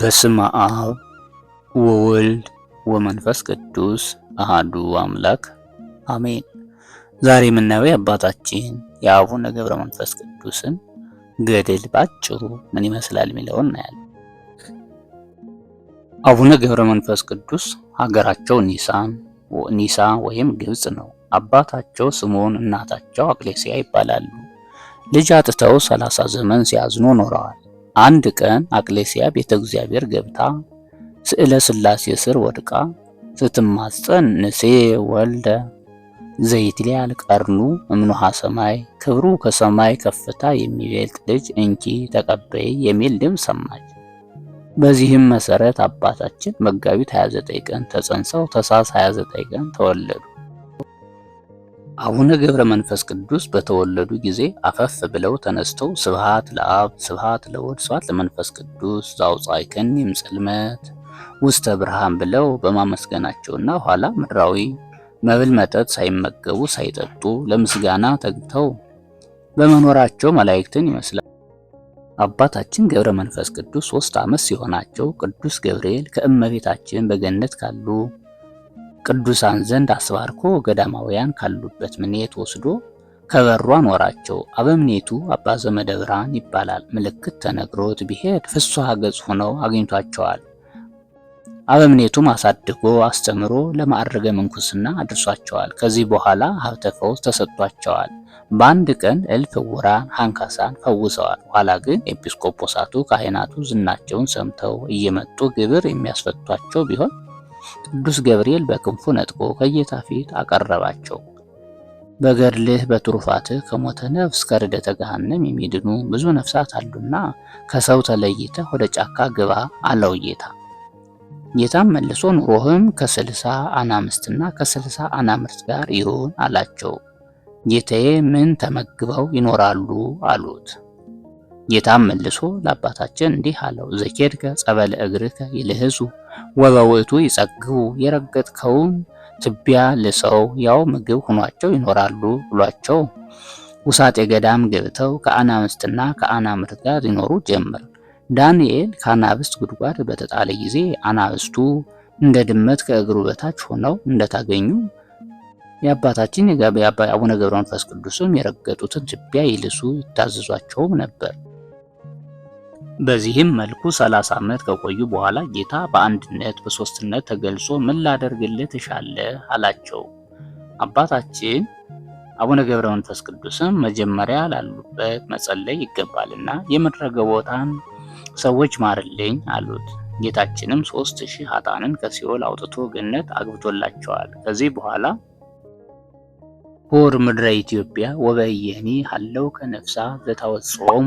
በስመ አብ ወወልድ ወመንፈስ ቅዱስ አሃዱ አምላክ አሜን። ዛሬ የምናየው አባታችን የአቡነ ገብረ መንፈስ ቅዱስን ገድል ባጭሩ ምን ይመስላል የሚለውን እናያለን። አቡነ ገብረ መንፈስ ቅዱስ ሀገራቸው ኒሳ ወይም ግብጽ ነው። አባታቸው ስምዖን እናታቸው አቅሌሲያ ይባላሉ። ልጅ አጥተው ሰላሳ ዘመን ሲያዝኑ ኖረዋል። አንድ ቀን አቅሌሲያ ቤተ እግዚአብሔር ገብታ ስዕለ ስላሴ ስር ወድቃ ስትማጸን ንሴ ወልደ ዘይትሊያል ቀርኑ እምኖሃ ሰማይ ክብሩ ከሰማይ ከፍታ የሚበልጥ ልጅ እንኪ ተቀበይ የሚል ድምፅ ሰማች። በዚህም መሰረት አባታችን መጋቢት 29 ቀን ተጸንሰው ተሳስ 29 ቀን ተወለዱ። አቡነ ገብረ መንፈስ ቅዱስ በተወለዱ ጊዜ አፈፍ ብለው ተነስተው ስብሃት ለአብ ስብሃት ለወድ ስብሃት ለመንፈስ ቅዱስ ዘአውጻእከኒም ምጽልመት ውስተ ብርሃን ብለው በማመስገናቸውና ኋላ ምድራዊ መብል መጠጥ ሳይመገቡ ሳይጠጡ ለምስጋና ተግተው በመኖራቸው መላእክትን ይመስላል። አባታችን ገብረ መንፈስ ቅዱስ ሶስት ዓመት ሲሆናቸው ቅዱስ ገብርኤል ከእመቤታችን በገነት ካሉ ቅዱሳን ዘንድ አስባርኮ ገዳማውያን ካሉበት ምኔት ወስዶ ከበሩ አኖራቸው። አበምኔቱ አባ ዘመደ ብርሃን ይባላል። ምልክት ተነግሮት ቢሄድ ፍስሐ ገጽ ሆነው አግኝቷቸዋል። አበምኔቱም አሳድጎ አስተምሮ ለማዕረገ ምንኩስና አድርሷቸዋል። ከዚህ በኋላ ሀብተ ፈውስ ተሰጥቷቸዋል። በአንድ ቀን እልፍ ዕውራን አንካሳን ፈውሰዋል። ኋላ ግን ኤጲስቆጶሳቱ ካህናቱ ዝናቸውን ሰምተው እየመጡ ግብር የሚያስፈቷቸው ቢሆን ቅዱስ ገብርኤል በክንፉ ነጥቆ ከጌታ ፊት አቀረባቸው። በገድልህ በትሩፋትህ ከሞተ ነፍስ ከርደተ ገሃነም የሚድኑ ብዙ ነፍሳት አሉና ከሰው ተለይተህ ወደ ጫካ ግባ አለው ጌታ። ጌታም መልሶ ኑሮህም ከስልሳ አናምስትና ከስልሳ አናምርት ጋር ይሁን አላቸው። ጌታዬ ምን ተመግበው ይኖራሉ አሉት። ጌታም መልሶ ለአባታችን እንዲህ አለው፣ ዘኬድከ ጸበል እግርከ ይልህሱ ወበውእቱ ይጸግቡ፣ የረገጥከውን ትቢያ ልሰው ያው ምግብ ሆኗቸው ይኖራሉ ብሏቸው ውሳጤ ገዳም ገብተው ከአናብስትና ከአናምርት ጋር ይኖሩ ጀመር። ዳንኤል ከአናብስት ጉድጓድ በተጣለ ጊዜ አናብስቱ እንደ ድመት ከእግሩ በታች ሆነው እንደታገኙ የአባታችን የአቡነ ገብረ መንፈስ ቅዱስም የረገጡትን ትቢያ ይልሱ ይታዘዟቸውም ነበር። በዚህም መልኩ ሰላሳ ዓመት ከቆዩ በኋላ ጌታ በአንድነት በሶስትነት ተገልጾ ምን ላደርግልህ ትሻለህ አላቸው። አባታችን አቡነ ገብረ መንፈስ ቅዱስም መጀመሪያ ላሉበት መጸለይ ይገባልና የምድረ ቦታን ሰዎች ማርልኝ አሉት። ጌታችንም ሶስት ሺህ ኃጥአንን ከሲኦል አውጥቶ ገነት አግብቶላቸዋል። ከዚህ በኋላ ሆር ምድረ ኢትዮጵያ ወበየኒ ሀለው ከነፍሳ ዘታወጾሙ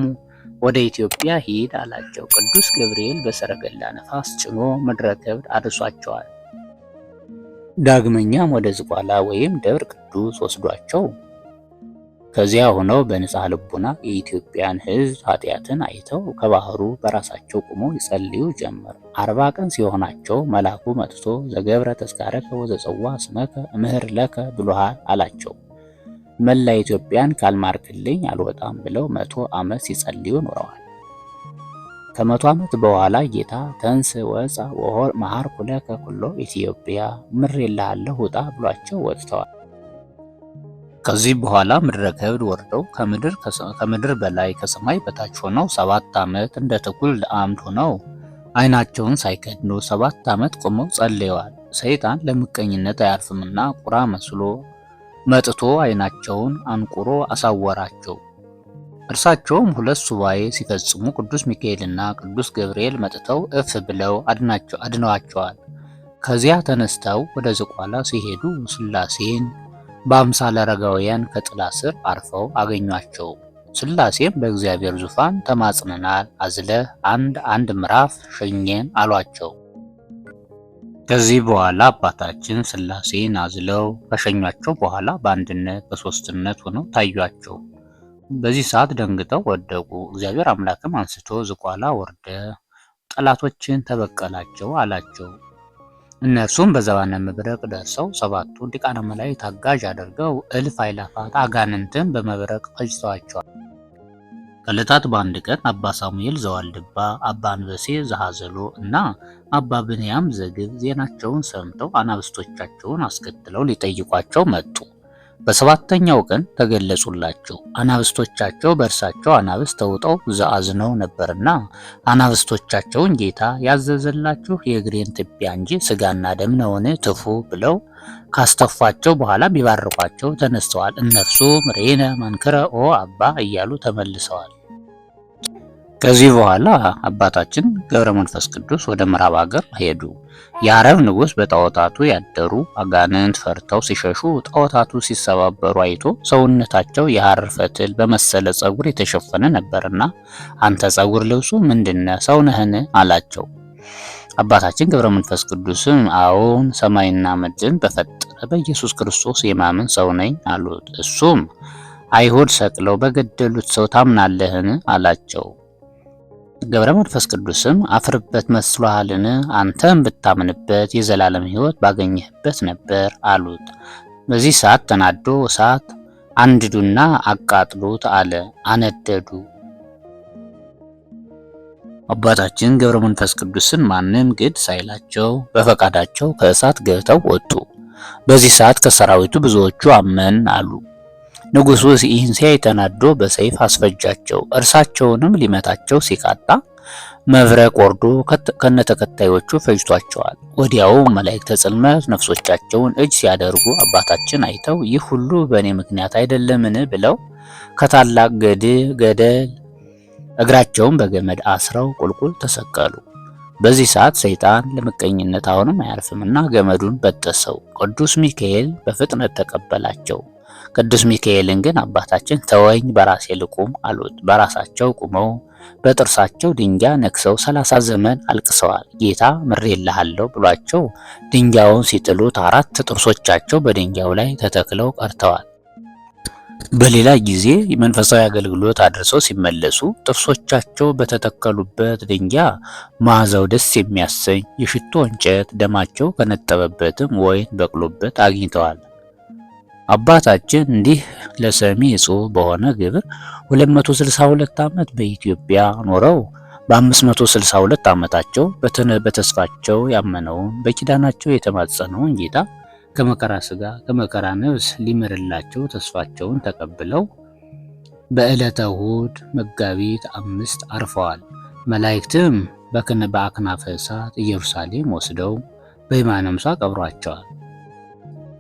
ወደ ኢትዮጵያ ሂድ አላቸው። ቅዱስ ገብርኤል በሰረገላ ነፋስ ጭኖ ምድረ ከብድ አድርሷቸዋል። ዳግመኛም ወደ ዝቋላ ወይም ደብረ ቅዱስ ወስዷቸው ከዚያ ሆነው በንጻ ልቡና የኢትዮጵያን ሕዝብ ኃጢአትን አይተው ከባህሩ በራሳቸው ቆመው ይጸልዩ ጀመር። አርባ ቀን ሲሆናቸው መልአኩ መጥቶ ዘገብረ ተስካረከ ወዘጸዋ ስመከ ምህር ለከ ብሎሃል አላቸው። መላ ኢትዮጵያን ካልማርክልኝ አልወጣም ብለው መቶ ዓመት ሲጸልዩ ኖረዋል። ከመቶ ዓመት በኋላ ጌታ ተንስ ወፃ ወሆር መሃር ኩለ ከኩሎ ኢትዮጵያ የላሃለሁ ውጣ ብሏቸው ወጥተዋል። ከዚህ በኋላ ምድረ ከብድ ወርደው ከምድር በላይ ከሰማይ በታች ሆነው ሰባት ዓመት እንደ ተኩል ለአምድ ሆነው አይናቸውን ሳይከድኑ ሰባት ዓመት ቆመው ጸልየዋል። ሰይጣን ለምቀኝነት አያርፍምና ቁራ መስሎ መጥቶ ዓይናቸውን አንቁሮ አሳወራቸው። እርሳቸውም ሁለት ሱባኤ ሲፈጽሙ ቅዱስ ሚካኤልና ቅዱስ ገብርኤል መጥተው እፍ ብለው አድነዋቸዋል። ከዚያ ተነስተው ወደ ዝቋላ ሲሄዱ ሥላሴን በአምሳለ አረጋውያን ከጥላ ስር አርፈው አገኟቸው። ሥላሴም በእግዚአብሔር ዙፋን ተማጽነናል፣ አዝለህ አንድ አንድ ምዕራፍ ሸኘን አሏቸው። ከዚህ በኋላ አባታችን ስላሴን አዝለው ከሸኟቸው በኋላ በአንድነት በሶስትነት ሆነው ታዩአቸው። በዚህ ሰዓት ደንግጠው ወደቁ። እግዚአብሔር አምላክም አንስቶ ዝቋላ ወርደ ጠላቶችን ተበቀላቸው አላቸው። እነርሱም በዘባነ መብረቅ ደርሰው ሰባቱ ዲቃነ መላእክት ታጋዥ አድርገው እልፍ አእላፋት አጋንንትን በመብረቅ ፈጅተዋቸዋል። ከዕለታት በአንድ ቀን አባ ሳሙኤል ዘዋልድባ፣ አባ አንበሴ ዘሐዘሎ እና አባ ብንያም ዘግብ ዜናቸውን ሰምተው አናብስቶቻቸውን አስከትለው ሊጠይቋቸው መጡ። በሰባተኛው ቀን ተገለጹላቸው። አናብስቶቻቸው በእርሳቸው አናብስት ተውጠው ዘአዝነው ነበርና አናብስቶቻቸውን ጌታ ያዘዘላችሁ የእግሬን ትቢያ እንጂ ስጋና ደም ነውን? ትፉ ብለው ካስተፏቸው በኋላ ቢባርኳቸው ተነስተዋል። እነርሱም ሬነ መንክረ ኦ አባ እያሉ ተመልሰዋል። ከዚህ በኋላ አባታችን ገብረ መንፈስ ቅዱስ ወደ ምዕራብ ሀገር ሄዱ። የአረብ ንጉሥ በጣዖታቱ ያደሩ አጋንንት ፈርተው ሲሸሹ ጣዖታቱ ሲሰባበሩ አይቶ ሰውነታቸው የሐር ፈትል በመሰለ ጸጉር የተሸፈነ ነበርና አንተ ጸጉር ልብሱ ምንድነ ሰው ነህን? አላቸው። አባታችን ገብረ መንፈስ ቅዱስም አዎን ሰማይና ምድርን በፈጠረ በኢየሱስ ክርስቶስ የማምን ሰው ነኝ አሉት። እሱም አይሁድ ሰቅለው በገደሉት ሰው ታምናለህን አላቸው። ገብረ መንፈስ ቅዱስም አፍርበት መስሎሃልን? አንተም ብታምንበት የዘላለም ሕይወት ባገኘህበት ነበር አሉት። በዚህ ሰዓት ተናዶ እሳት አንድዱና አቃጥሉት አለ። አነደዱ። አባታችን ገብረ መንፈስ ቅዱስን ማንም ግድ ሳይላቸው በፈቃዳቸው ከእሳት ገብተው ወጡ። በዚህ ሰዓት ከሰራዊቱ ብዙዎቹ አመን አሉ። ንጉሱ ይህን ሲያይ ተናዶ በሰይፍ አስፈጃቸው። እርሳቸውንም ሊመታቸው ሲቃጣ መብረቅ ወርዶ ከነተከታዮቹ ፈጅቷቸዋል። ወዲያው መላእክተ ጽልመት ነፍሶቻቸውን እጅ ሲያደርጉ አባታችን አይተው ይህ ሁሉ በእኔ ምክንያት አይደለምን ብለው ከታላቅ ገድ ገደል እግራቸውን በገመድ አስረው ቁልቁል ተሰቀሉ። በዚህ ሰዓት ሰይጣን ለምቀኝነት አሁንም አያርፍምና ገመዱን በጠሰው። ቅዱስ ሚካኤል በፍጥነት ተቀበላቸው። ቅዱስ ሚካኤልን ግን አባታችን ተወኝ፣ በራሴ ልቁም አሉት። በራሳቸው ቁመው በጥርሳቸው ድንጋይ ነክሰው ሰላሳ ዘመን አልቅሰዋል። ጌታ ምሬልሃለሁ ብሏቸው ድንጋዩን ሲጥሉት አራት ጥርሶቻቸው በድንጋዩ ላይ ተተክለው ቀርተዋል። በሌላ ጊዜ መንፈሳዊ አገልግሎት አድርሰው ሲመለሱ ጥርሶቻቸው በተተከሉበት ድንጋይ መዓዛው ደስ የሚያሰኝ የሽቶ እንጨት ደማቸው ከነጠበበትም ወይን በቅሎበት አግኝተዋል። አባታችን እንዲህ ለሰሚ ጽሑ በሆነ ግብር 262 ዓመት በኢትዮጵያ ኖረው በ562 ዓመታቸው በተስፋቸው ያመነውን በኪዳናቸው የተማጸነውን ጌታ ከመከራ ስጋ ከመከራ ነፍስ ሊምርላቸው ተስፋቸውን ተቀብለው በዕለተ እሁድ መጋቢት አምስት አርፈዋል። መላእክትም በአክናፈ እሳት ኢየሩሳሌም ወስደው በየማነ ምሥዋዕ ቀብሯቸዋል።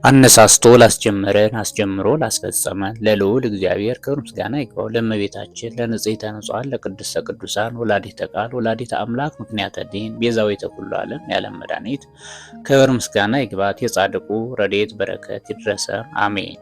አነሳስቶ ላስጀመረን አስጀምሮ ላስፈጸመን ለልዑል እግዚአብሔር ክብር ምስጋና ይግባው። ለእመቤታችን ለንጽሕተ ንጹሐን ለቅድስተ ቅዱሳን ወላዲተ ቃል ወላዲተ አምላክ ምክንያተ ዲን ቤዛዊተ ኩሉ ዓለም የዓለም መድኃኒት ክብር ምስጋና ይግባት። የጻድቁ ረድኤት በረከት ይድረሰ አሜን።